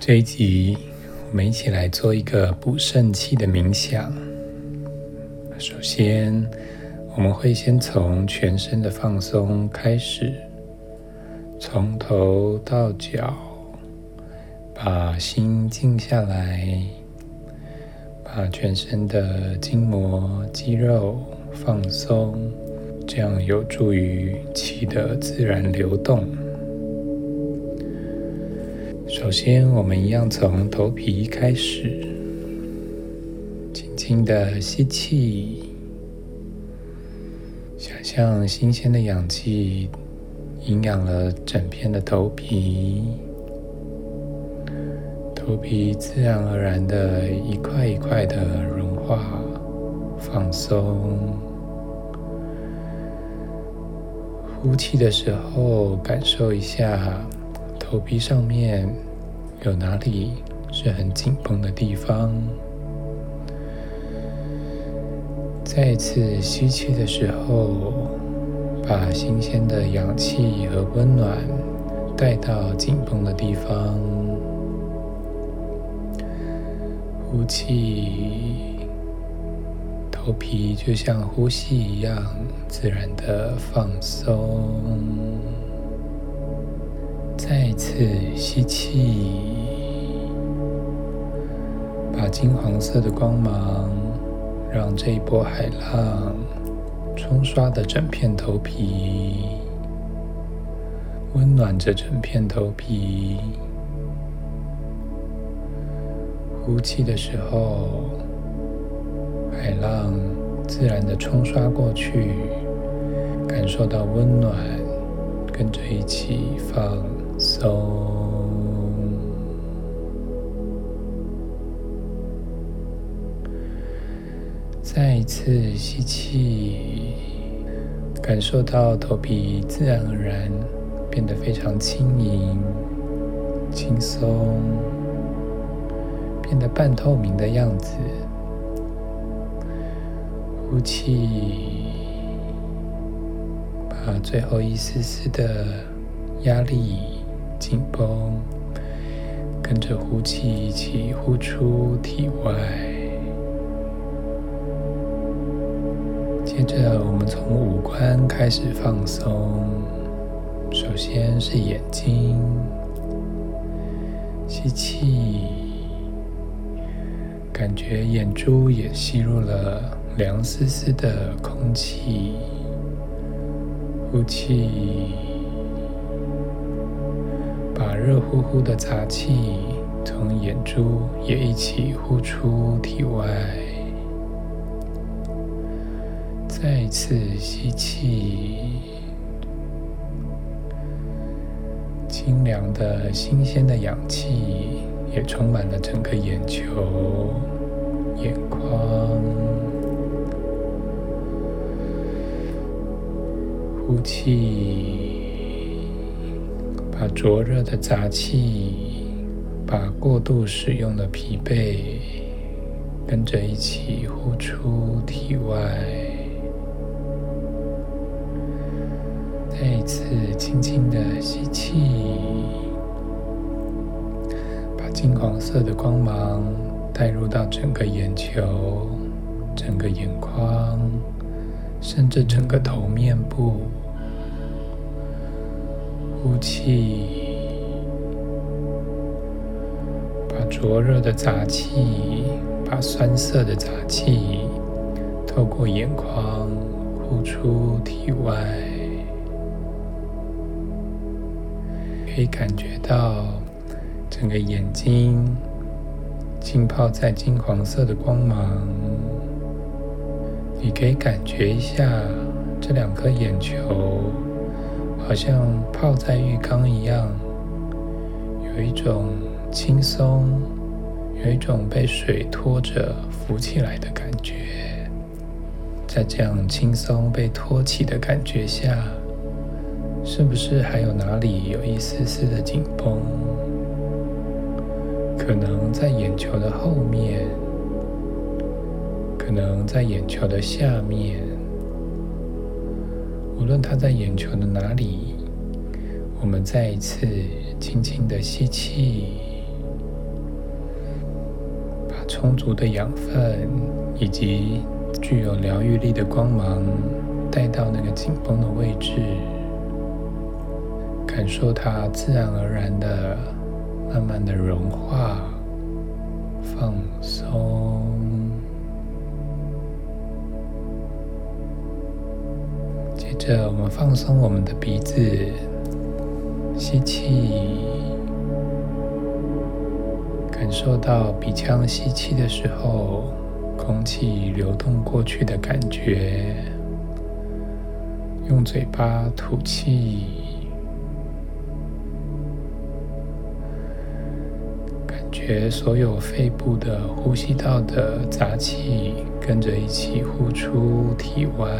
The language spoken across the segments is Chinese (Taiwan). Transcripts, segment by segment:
這一集，我們一起來做一個補腎氣的冥想。首先，我們會先從全身的放鬆開始，從頭到腳，把心靜下來，把全身的筋膜、肌肉放鬆，這樣有助於氣的自然流動。首先，我們一樣從頭皮開始，輕輕的吸氣，想象新鮮的氧氣營養了整片的頭皮，頭皮自然而然的一塊一塊的融化、放鬆。呼氣的時候，感受一下頭皮上面有哪裡是很緊繃的地方？再次吸氣的時候，把新鮮的氧氣和溫暖帶到緊繃的地方。呼氣，頭皮就像呼吸一樣，自然的放鬆。再一次吸氣，把金黃色的光芒，讓這一波海浪沖刷的整片頭皮，溫暖着整片頭皮。呼氣的時候，海浪自然的沖刷過去，感受到溫暖，跟着一起放。鬆走。再一次吸氣，感受到頭皮自然而然變得非常輕盈、輕鬆，變得半透明的樣子。呼氣，把最後一絲絲的壓力。緊繃，跟着呼氣一起呼出體外。接着，我們從五官開始放鬆，首先是眼睛。吸氣，感覺眼珠也吸入了涼絲絲的空氣。呼氣。熱乎乎的雜氣從眼珠，也一起呼出體外。再次吸氣，清涼的新鮮的氧氣也充滿了整個眼球、眼眶。呼氣。把灼熱的雜氣，把過度使用的疲憊，跟着一起呼出體外。再一次輕輕的吸氣，把金黃色的光芒帶入到整個眼球、整個眼眶，甚至整個頭面部。呼氣，把灼熱的雜氣，把酸澀的雜氣，透過眼眶呼出體外。可以感覺到整個眼睛浸泡在金黃色的光芒。你可以感覺一下這兩顆眼球。好像泡在浴缸一樣，有一種輕鬆，有一種被水托着浮起來的感覺。在這樣輕鬆被托起的感覺下，是不是還有哪裡有一絲絲的緊繃？可能在眼球的後面，可能在眼球的下面。無論它在眼球的哪裡，我們再一次輕輕的吸氣，把充足的養分以及具有療癒力的光芒帶到那個緊繃的位置，感受它自然而然的、慢慢的融化、放鬆。接着我們放鬆我們的鼻子，吸氣，感受到鼻腔吸氣的時候，空氣流動過去的感覺。用嘴巴吐氣，感覺所有肺部的呼吸道的雜氣跟着一起呼出體外。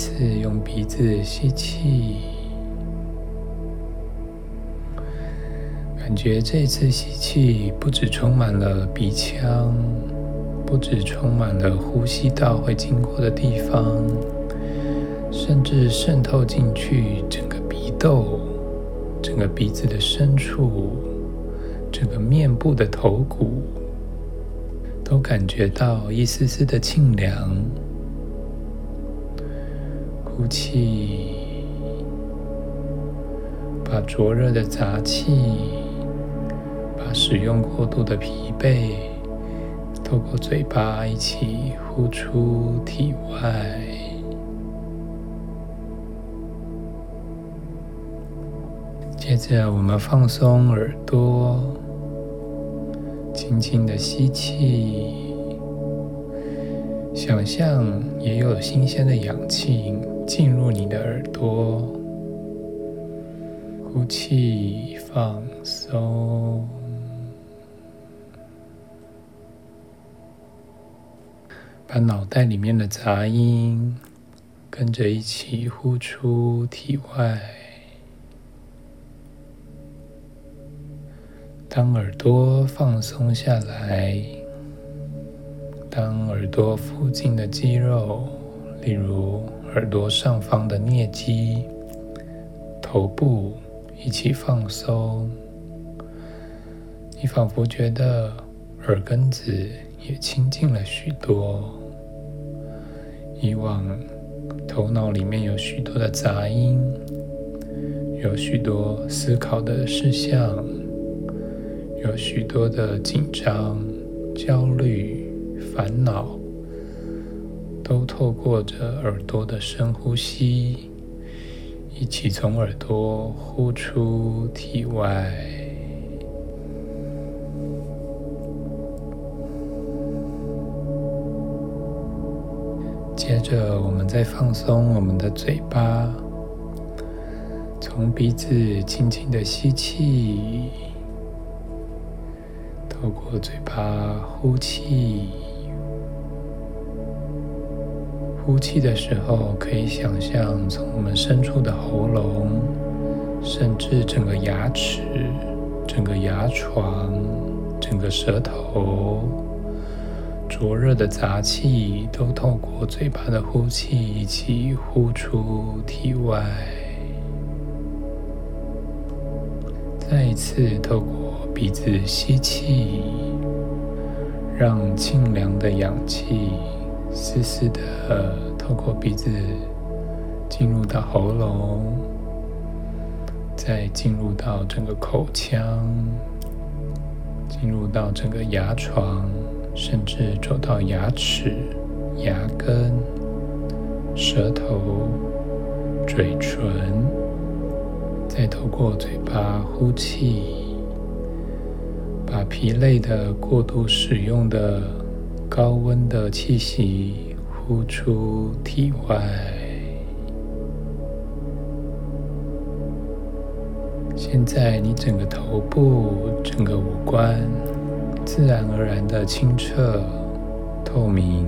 次用鼻子吸氣，感覺這次吸氣不止充滿了鼻腔，不止充滿了呼吸道會經過的地方，甚至滲透進去整個鼻竇、整個鼻子的深處、整個面部的頭骨，都感覺到一絲絲的清涼。呼氣，把灼熱的雜氣，把使用過度的疲憊，透過嘴巴一起呼出體外。接着，我們放鬆耳朵，輕輕的吸氣，想象也有新鮮的氧氣，進入你的耳朵，呼氣，放鬆，把腦袋裡面的雜音跟着一起呼出體外。當耳朵放鬆下來，當耳朵附近的肌肉，例如，耳朵上方的顳肌、頭部一起放鬆，你仿佛覺得耳根子也清淨了許多。以往頭腦裡面有許多的雜音，有許多思考的事項，有許多的緊張、焦慮、煩惱。都透過著耳朵的深呼吸，一起從耳朵呼出體外。接着，我們再放鬆我們的嘴巴，從鼻子輕輕的吸氣，透過嘴巴呼氣。呼氣的時候，可以想象從我們深處的喉嚨，甚至整個牙齒、整個牙床、整個舌頭，灼熱的雜氣都透過嘴巴的呼氣一起呼出體外。再一次透過鼻子吸氣，讓清涼的氧氣。絲絲的透過鼻子進入到喉嚨，再進入到整個口腔，進入到整個牙床，甚至走到牙齒、牙根、舌頭、嘴唇，再透過嘴巴呼氣，把疲累的過度使用的。高溫的氣息呼出體外。現在，你整個頭部、整個五官，自然而然的清澈、透明，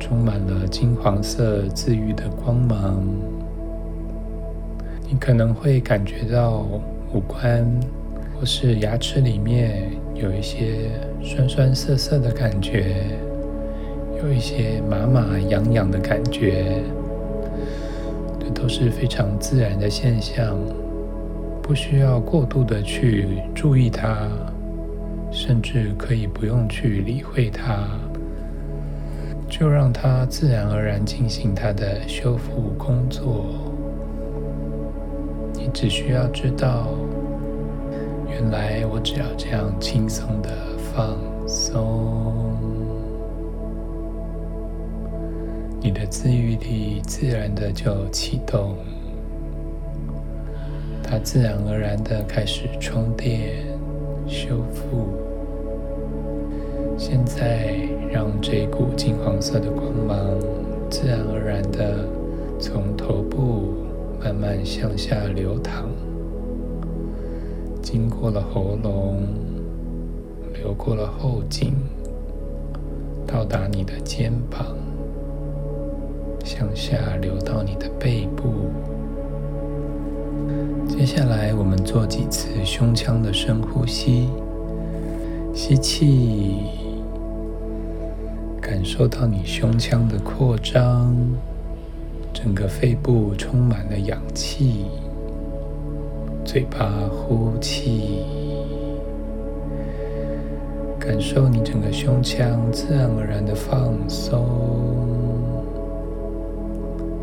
充滿了金黃色治愈的光芒。你可能會感覺到五官或是牙齒裡面有一些。酸酸澀澀的感覺，有一些麻麻癢癢的感覺，這都是非常自然的現象，不需要過度的去注意它，甚至可以不用去理會它，就讓它自然而然進行它的修復工作。你只需要知道，原來我只要這樣輕鬆的。放鬆，你的自癒力自然的就啟動，它自然而然的開始充電、修復。現在，讓這股金黃色的光芒自然而然的從頭部慢慢向下流淌，經過了喉嚨。流過了後頸，到達你的肩膀，向下流到你的背部。接下來，我們做幾次胸腔的深呼吸。吸氣，感受到你胸腔的擴張，整個肺部充滿了氧氣。嘴巴呼氣。感受你整個胸腔自然而然的放鬆，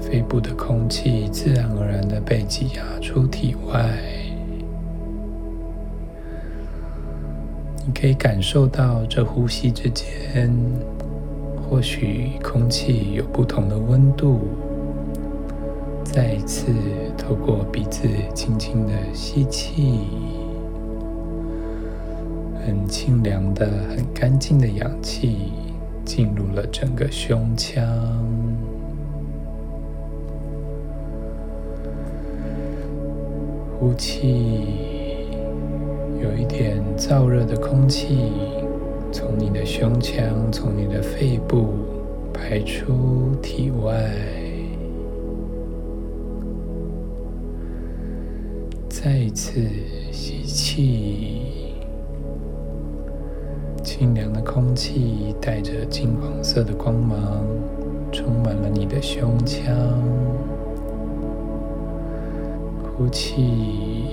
肺部的空氣自然而然的被擠壓出體外。你可以感受到這呼吸之間，或許空氣有不同的溫度。再一次透過鼻子輕輕的吸氣。很清涼的，很乾淨的氧氣進入了整個胸腔，呼氣，有一點燥熱的空氣從你的胸腔，從你的肺部排出體外，再一次吸氣。清涼的空氣帶着金黃色的光芒，充滿了你的胸腔。呼氣，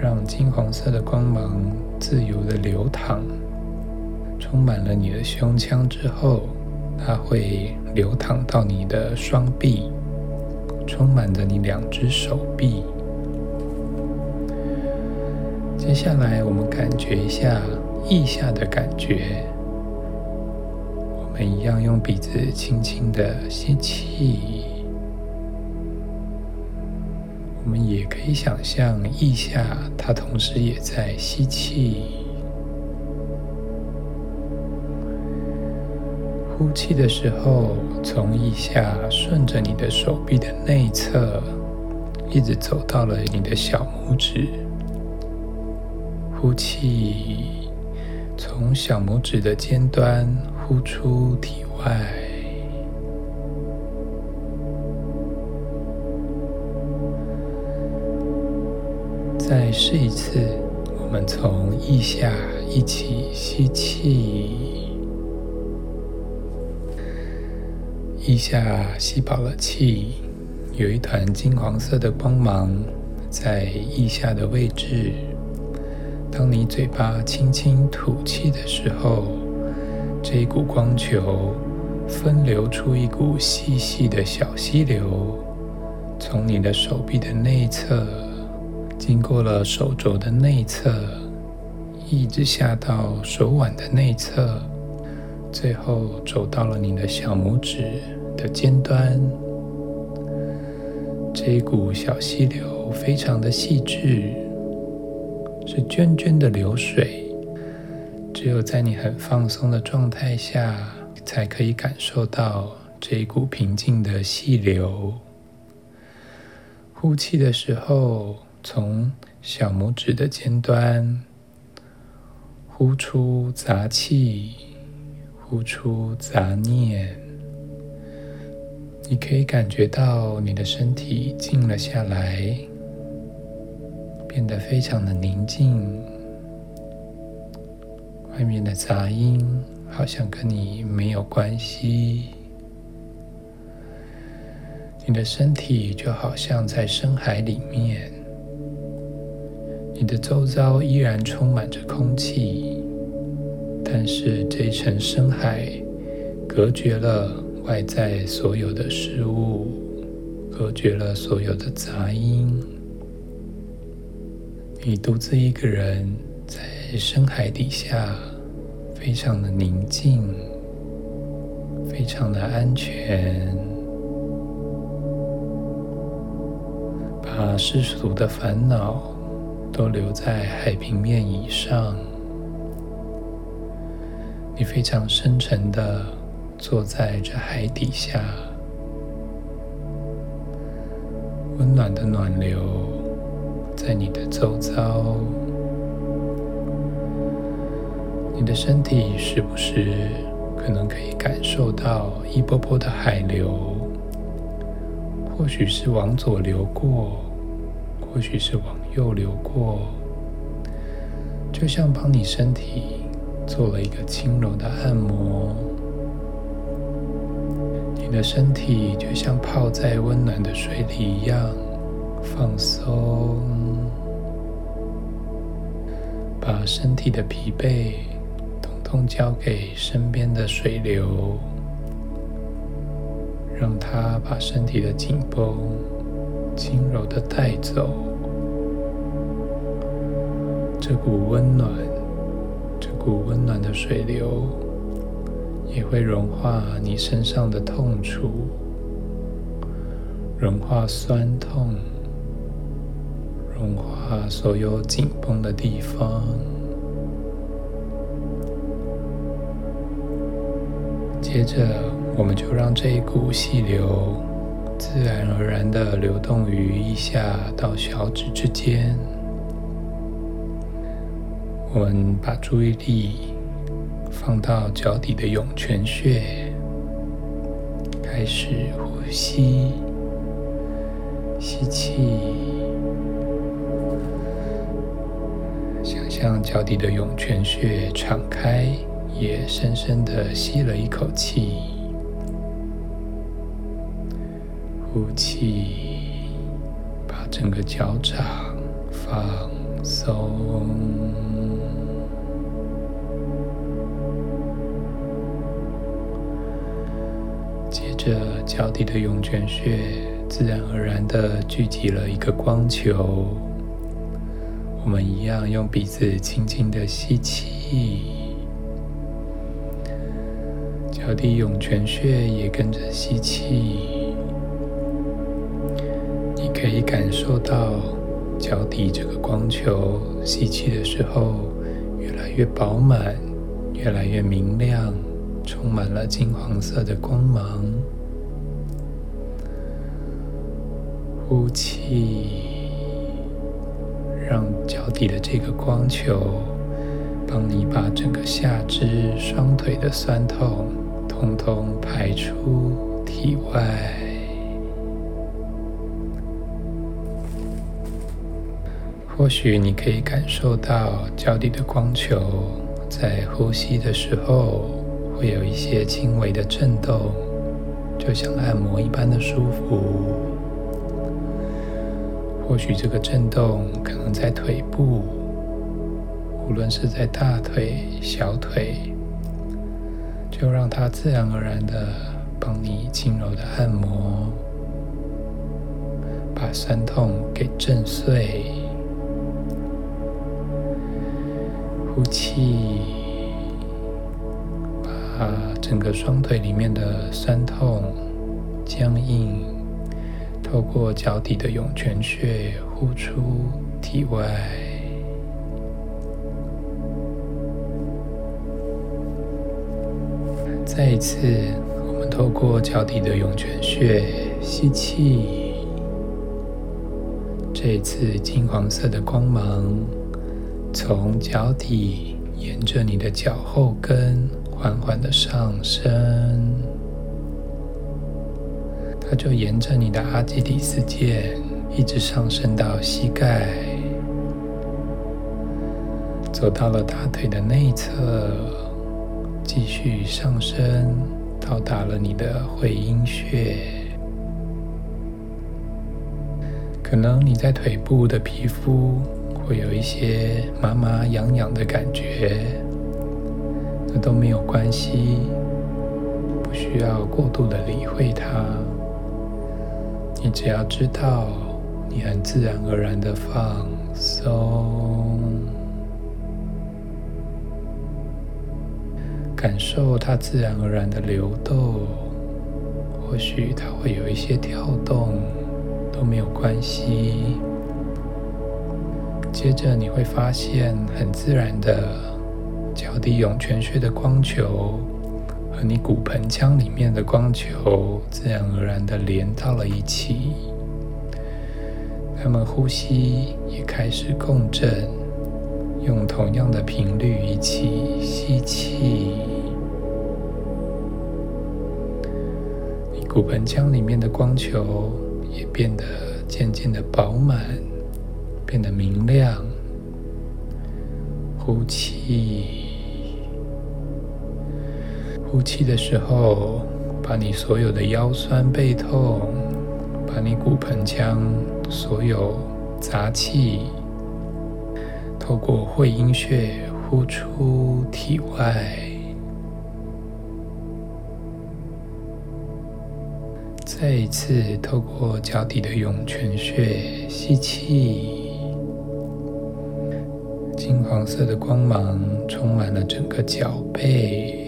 讓金黃色的光芒自由的流淌，充滿了你的胸腔之後，它會流淌到你的雙臂，充滿着你兩只手臂。接下來，我們感覺一下。腋下的感覺，我們一樣用鼻子輕輕的吸氣。我們也可以想象腋下，它同時也在吸氣。呼氣的時候，從腋下順着你的手臂的內側，一直走到了你的小拇指。呼氣。從小拇指的尖端呼出體外。再試一次，我們從腋下一起吸氣，腋下吸飽了氣，有一團金黃色的光芒在腋下的位置。當你嘴巴輕輕吐氣的時候，這一股光球分流出一股細細的小溪流，從你的手臂的內側，經過了手肘的內側，一直下到手腕的內側，最後走到了你的小拇指的尖端。這股小溪流非常的細緻。是涓涓的流水，只有在你很放鬆的狀態下，才可以感受到這一股平靜的細流。呼氣的時候，從小拇指的尖端呼出雜氣，呼出雜念。你可以感覺到你的身體靜了下來。變得非常的寧靜，外面的雜音好像跟你沒有關係。你的身體就好像在深海裡面，你的周遭依然充滿着空氣，但是這一層深海隔絕了外在所有的事物，隔絕了所有的雜音。你獨自一個人在深海底下，非常的寧靜，非常的安全，把世俗的煩惱都留在海平面以上。你非常深沉的坐在這海底下，溫暖的暖流。在你的周遭，你的身體是不是可能可以感受到一波波的海流？或許是往左流過，或許是往右流過，就像幫你身體做了一個輕柔的按摩。你的身體就像泡在溫暖的水裡一樣放鬆。把身體的疲憊通通交給身邊的水流，讓它把身體的緊繃輕柔地帶走。這股溫暖，這股溫暖的水流，也會融化你身上的痛楚，融化痠痛。融化所有緊繃的地方，接着我們就讓這一股氣流自然而然的流動於腋下到小指之間。我們把注意力放到腳底的湧泉穴，開始呼吸，吸氣。向腳底的湧泉穴敞開，也深深的吸了一口氣，呼氣，把整個腳掌放鬆。接着，腳底的湧泉穴自然而然地聚集了一個光球。我們一樣用鼻子輕輕的吸氣，腳底湧泉穴也跟着吸氣。你可以感受到腳底這個光球吸氣的時候越來越飽滿，越來越明亮，充滿了金黃色的光芒。呼氣。讓腳底的這個光球幫你把整個下肢、雙腿的酸痛通通排出體外。或許你可以感受到腳底的光球在呼吸的時候會有一些輕微的震動，就像按摩一般的舒服。或許這個震動可能在腿部，無論是在大腿、小腿，就讓它自然而然的幫你輕柔的按摩，把痠痛給震碎。呼氣，把整個雙腿裡面的痠痛、僵硬，透過腳底的湧泉穴呼出體外。再一次，我們透過腳底的湧泉穴吸氣。這一次，金黃色的光芒從腳底沿着你的腳後跟緩緩的上升。它就沿着你的阿基里斯腱一直上升到膝蓋，走到了大腿的內側，繼續上升到達了你的會陰穴。可能你在腿部的皮膚會有一些麻麻癢癢的感覺，那都沒有關係，不需要過度的理會它。你只要知道，你很自然而然的放鬆，感受它自然而然的流動。或許它會有一些跳動，都沒有關係。接着你會發現，很自然的腳底湧泉穴的光球。和你骨盆腔裡面的光球自然而然的連到了一起，他們呼吸也開始共振，用同樣的頻率一起吸氣，你骨盆腔裡面的光球也變得漸漸的飽滿，變得明亮，呼氣。呼氣的時候，把你所有的腰酸背痛，把你骨盆腔所有雜氣，透過會陰穴呼出體外。再一次透過腳底的湧泉穴吸氣，金黃色的光芒充滿了整個腳背。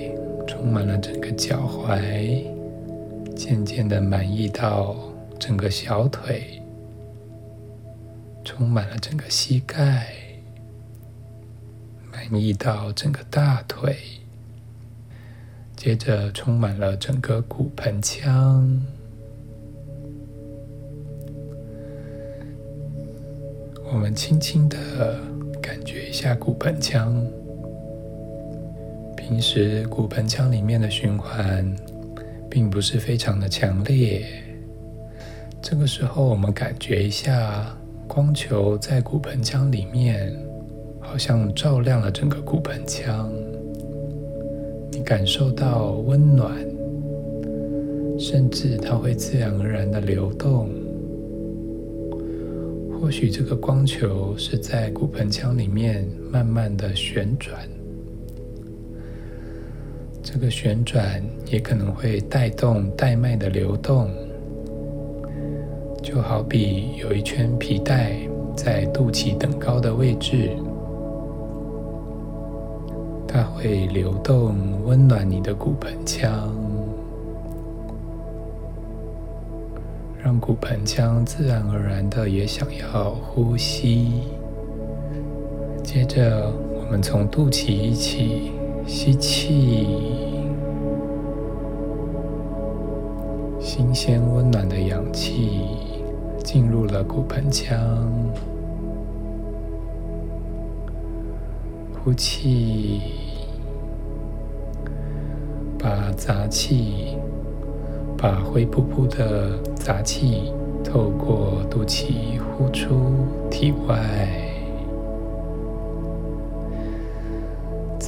充滿了整個腳踝，漸漸的滿意到整個小腿，充滿了整個膝蓋，滿意到整個大腿，接着充滿了整個骨盆腔。我們輕輕的感覺一下骨盆腔。平時骨盆腔裡面的循環並不是非常的強烈。這個時候，我們感覺一下，光球在骨盆腔裡面，好像照亮了整個骨盆腔。你感受到溫暖，甚至它會自然而然的流動。或許這個光球是在骨盆腔裡面慢慢的旋轉。這個旋轉也可能會帶動帶脈的流動，就好比有一圈皮帶在肚臍等高的位置，它會流動，溫暖你的骨盆腔，讓骨盆腔自然而然的也想要呼吸。接着，我們從肚臍一起。吸氣，新鮮溫暖的氧氣進入了骨盆腔。呼氣，把雜氣，把灰撲撲的雜氣，透過肚臍呼出體外。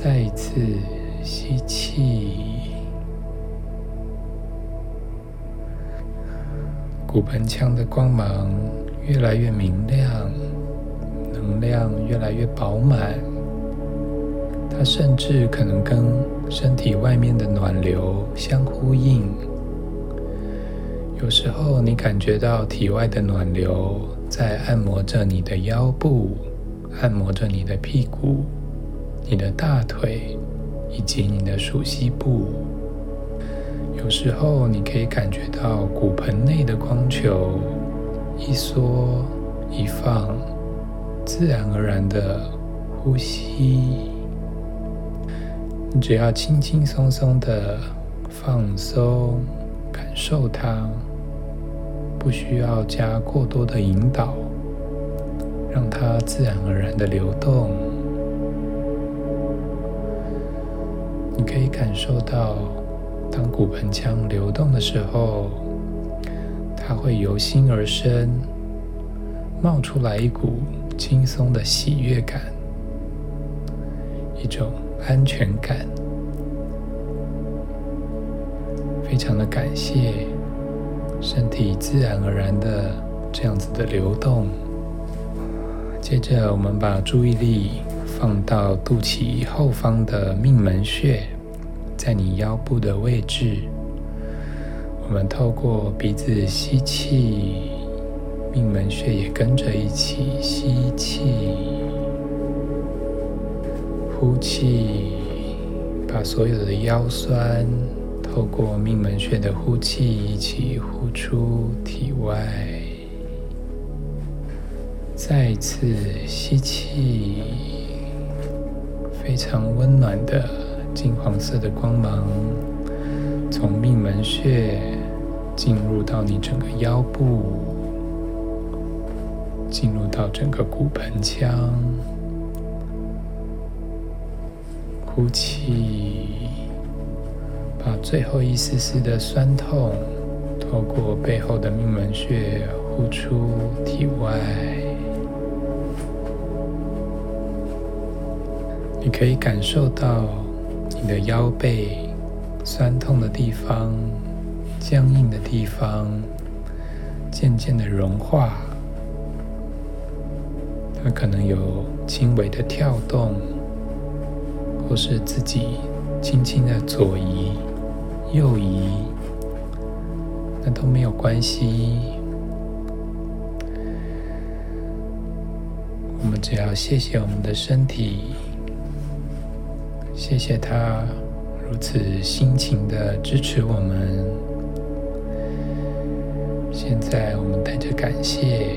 再一次吸氣，骨盆腔的光芒越來越明亮，能量越來越飽滿。它甚至可能跟身體外面的暖流相呼應。有時候你感覺到體外的暖流在按摩着你的腰部，按摩着你的屁股。你的大腿以及你的鼠蹊部。有時候你可以感覺到骨盆內的光球一縮一放，自然而然的呼吸。你只要輕輕鬆鬆的放鬆，感受它，不需要加過多的引導，讓它自然而然的流動。你可以感受到，當骨盆腔流動的時候，它會由心而生，冒出來一股輕鬆的喜悅感，一種安全感。非常的感謝，身體自然而然的這樣子的流動。接着，我們把注意力。放到肚臍後方的命門穴，在你腰部的位置。我們透過鼻子吸氣，命門穴也跟着一起吸氣，呼氣，把所有的腰酸透過命門穴的呼氣一起呼出體外。再次吸氣。非常溫暖的金黃色的光芒，從命門穴進入到你整個腰部，進入到整個骨盆腔。呼氣，把最後一絲絲的痠痛透過背後的命門穴呼出體外。你可以感受到你的腰背痠痛的地方、僵硬的地方，漸漸的融化。它可能有輕微的跳動，或是自己輕輕的左移、右移，那都沒有關係。我們只要謝謝我們的身體。謝謝他如此辛勤的支持我們。現在我們帶着感謝，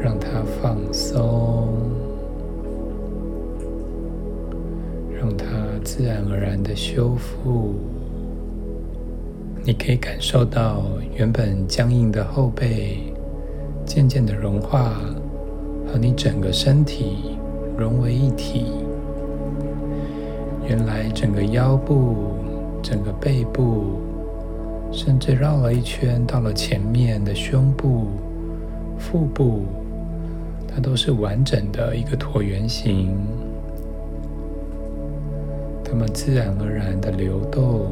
讓他放鬆，讓他自然而然的修復。你可以感受到原本僵硬的後背漸漸的融化，和你整個身體融為一體。原來整個腰部、整個背部，甚至繞了一圈到了前面的胸部、腹部，它都是完整的一個橢圓形。它們自然而然的流動，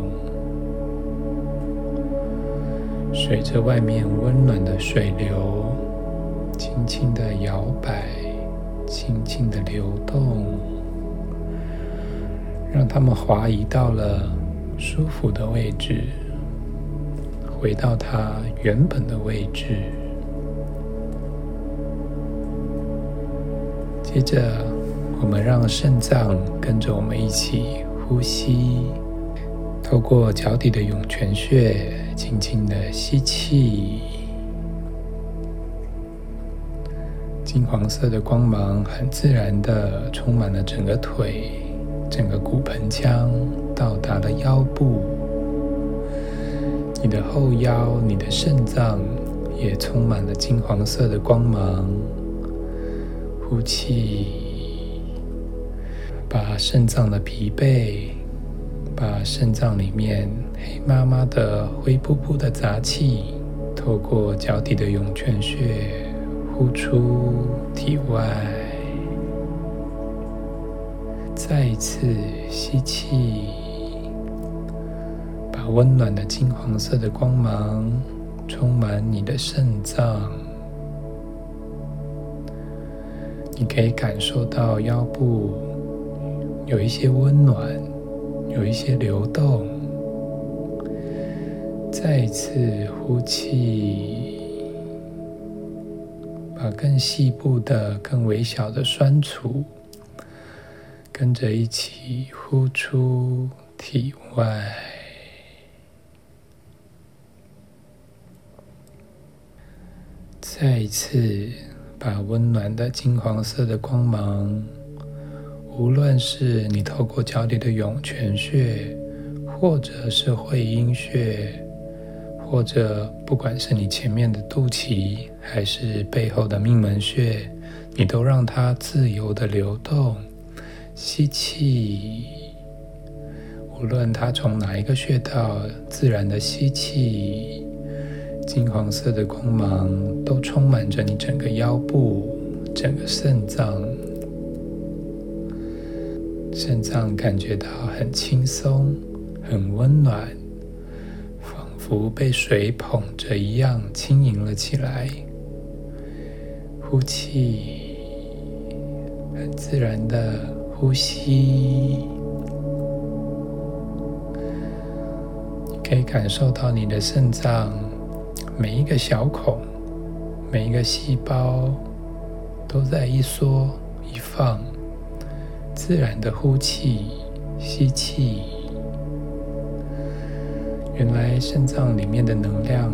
隨着外面溫暖的水流，輕輕的搖擺，輕輕的流動。讓他們滑移到了舒服的位置，回到它原本的位置。接着，我們讓腎臟跟着我們一起呼吸，透過腳底的湧泉穴，輕輕的吸氣。金黃色的光芒很自然的充滿了整個腿。整個骨盆腔到達了腰部，你的後腰、你的腎臟也充滿了金黃色的光芒。呼氣，把腎臟的疲憊，把腎臟裡面黑麻麻的、灰撲撲的雜氣，透過腳底的湧泉穴呼出體外。再一次吸氣，把溫暖的金黃色的光芒充滿你的腎臟。你可以感受到腰部有一些溫暖，有一些流動。再一次呼氣，把更細部的、更微小的酸楚。跟着一起呼出體外，再一次把溫暖的金黃色的光芒，無論是你透過腳底的湧泉穴，或者是會陰穴，或者不管是你前面的肚臍，還是背後的命門穴，你都讓它自由的流動。吸氣，無論它從哪一個穴道，自然的吸氣，金黃色的光芒都充滿着你整個腰部、整個腎臟。腎臟感覺到很輕鬆、很溫暖，仿佛被水捧着一樣輕盈了起來。呼氣，很自然的。呼吸，可以感受到你的腎臟每一個小孔、每一個細胞都在一縮一放。自然的呼氣、吸氣，原來腎臟裡面的能量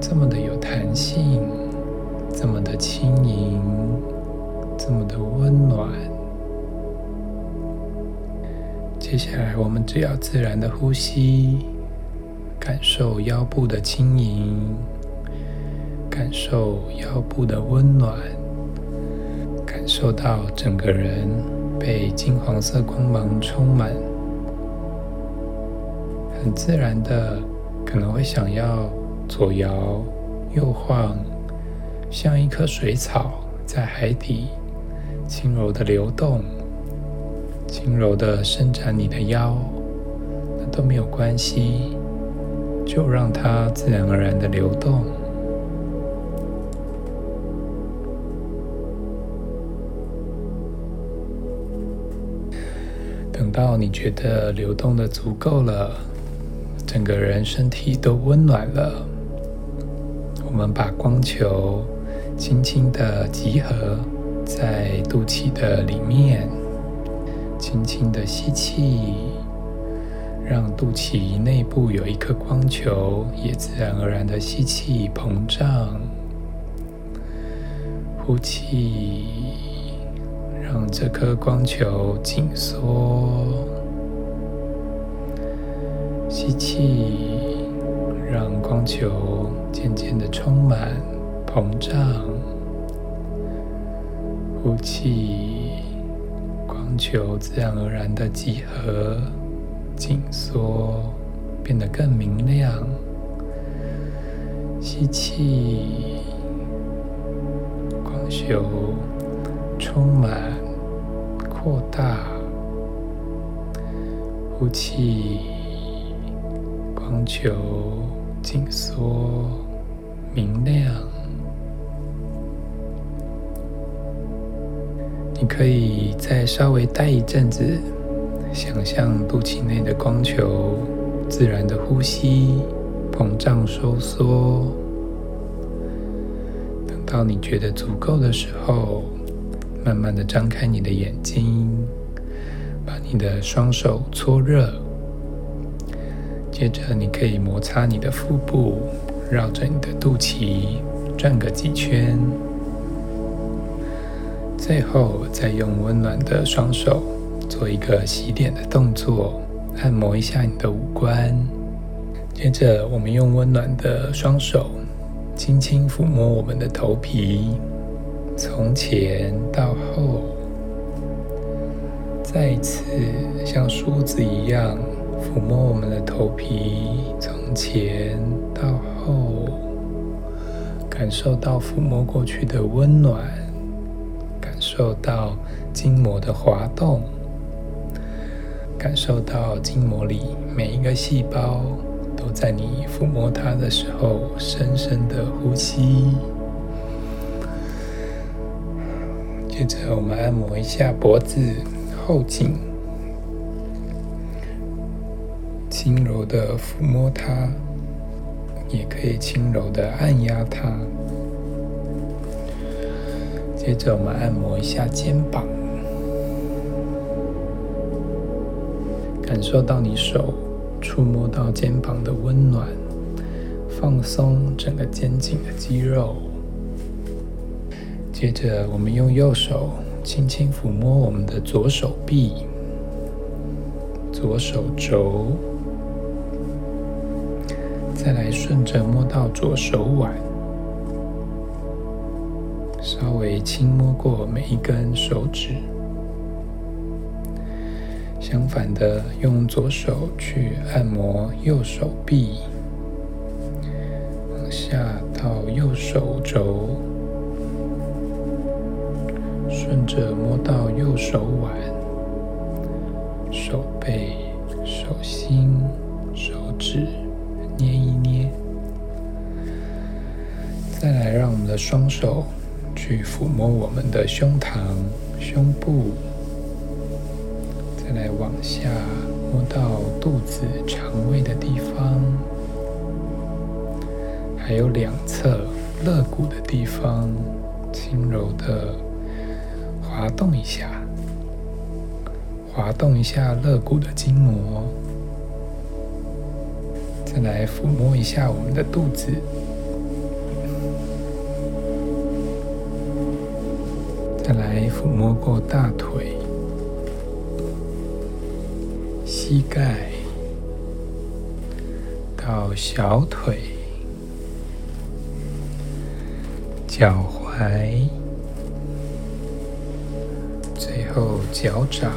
這麼的有彈性，這麼的輕盈，這麼的溫暖。接下來，我們只要自然的呼吸，感受腰部的輕盈，感受腰部的溫暖，感受到整個人被金黃色光芒充滿。很自然的，可能會想要左搖右晃，像一顆水草在海底輕柔的流動。輕柔的伸展你的腰，那都沒有關係，就讓它自然而然的流動。等到你覺得流動的足夠了，整個人身體都溫暖了，我們把光球輕輕的集合在肚臍的裡面。輕輕的吸氣，讓肚臍內部有一顆光球，也自然而然的吸氣膨脹；呼氣，讓這顆光球緊縮；吸氣，讓光球漸漸的充滿膨脹；呼氣。光球自然而然的聚合、緊縮，變得更明亮。吸氣，光球充滿、擴大；呼氣，光球緊縮、明亮。你可以再稍微待一陣子，想象肚臍內的光球，自然的呼吸，膨脹收縮。等到你覺得足夠的時候，慢慢的張開你的眼睛，把你的雙手搓熱，接着你可以摩擦你的腹部，繞着你的肚臍轉個幾圈。最後，再用溫暖的雙手做一個洗臉的動作，按摩一下你的五官。接着，我們用溫暖的雙手輕輕撫摸我們的頭皮，從前到後。再一次像梳子一樣撫摸我們的頭皮，從前到後，感受到撫摸過去的溫暖。受到筋膜的滑動，感受到筋膜裡每一個細胞都在你撫摸它的時候深深的呼吸。接着我們按摩一下脖子後頸，輕柔的撫摸它，也可以輕柔的按壓它。接着我們按摩一下肩膀，感受到你手觸摸到肩膀的溫暖，放鬆整個肩頸的肌肉。接着我們用右手輕輕撫摸我們的左手臂、左手肘，再來順着摸到左手腕。稍微輕摸過每一根手指，相反的，用左手去按摩右手臂，往下到右手肘，順着摸到右手腕、手背、手心、手指，捏一捏，再來讓我們的雙手。去撫摸我們的胸膛、胸部，再來往下摸到肚子、腸胃的地方，還有兩側肋骨的地方，輕柔的滑動一下，滑動一下肋骨的筋膜，再來撫摸一下我們的肚子。再來撫摸過大腿、膝蓋到小腿、腳踝，最後腳掌。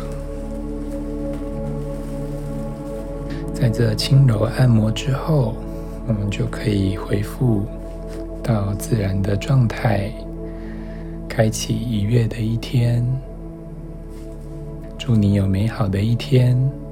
在這輕柔按摩之後，我們就可以恢復到自然的狀態。開啟愉悅的一天，祝你有美好的一天。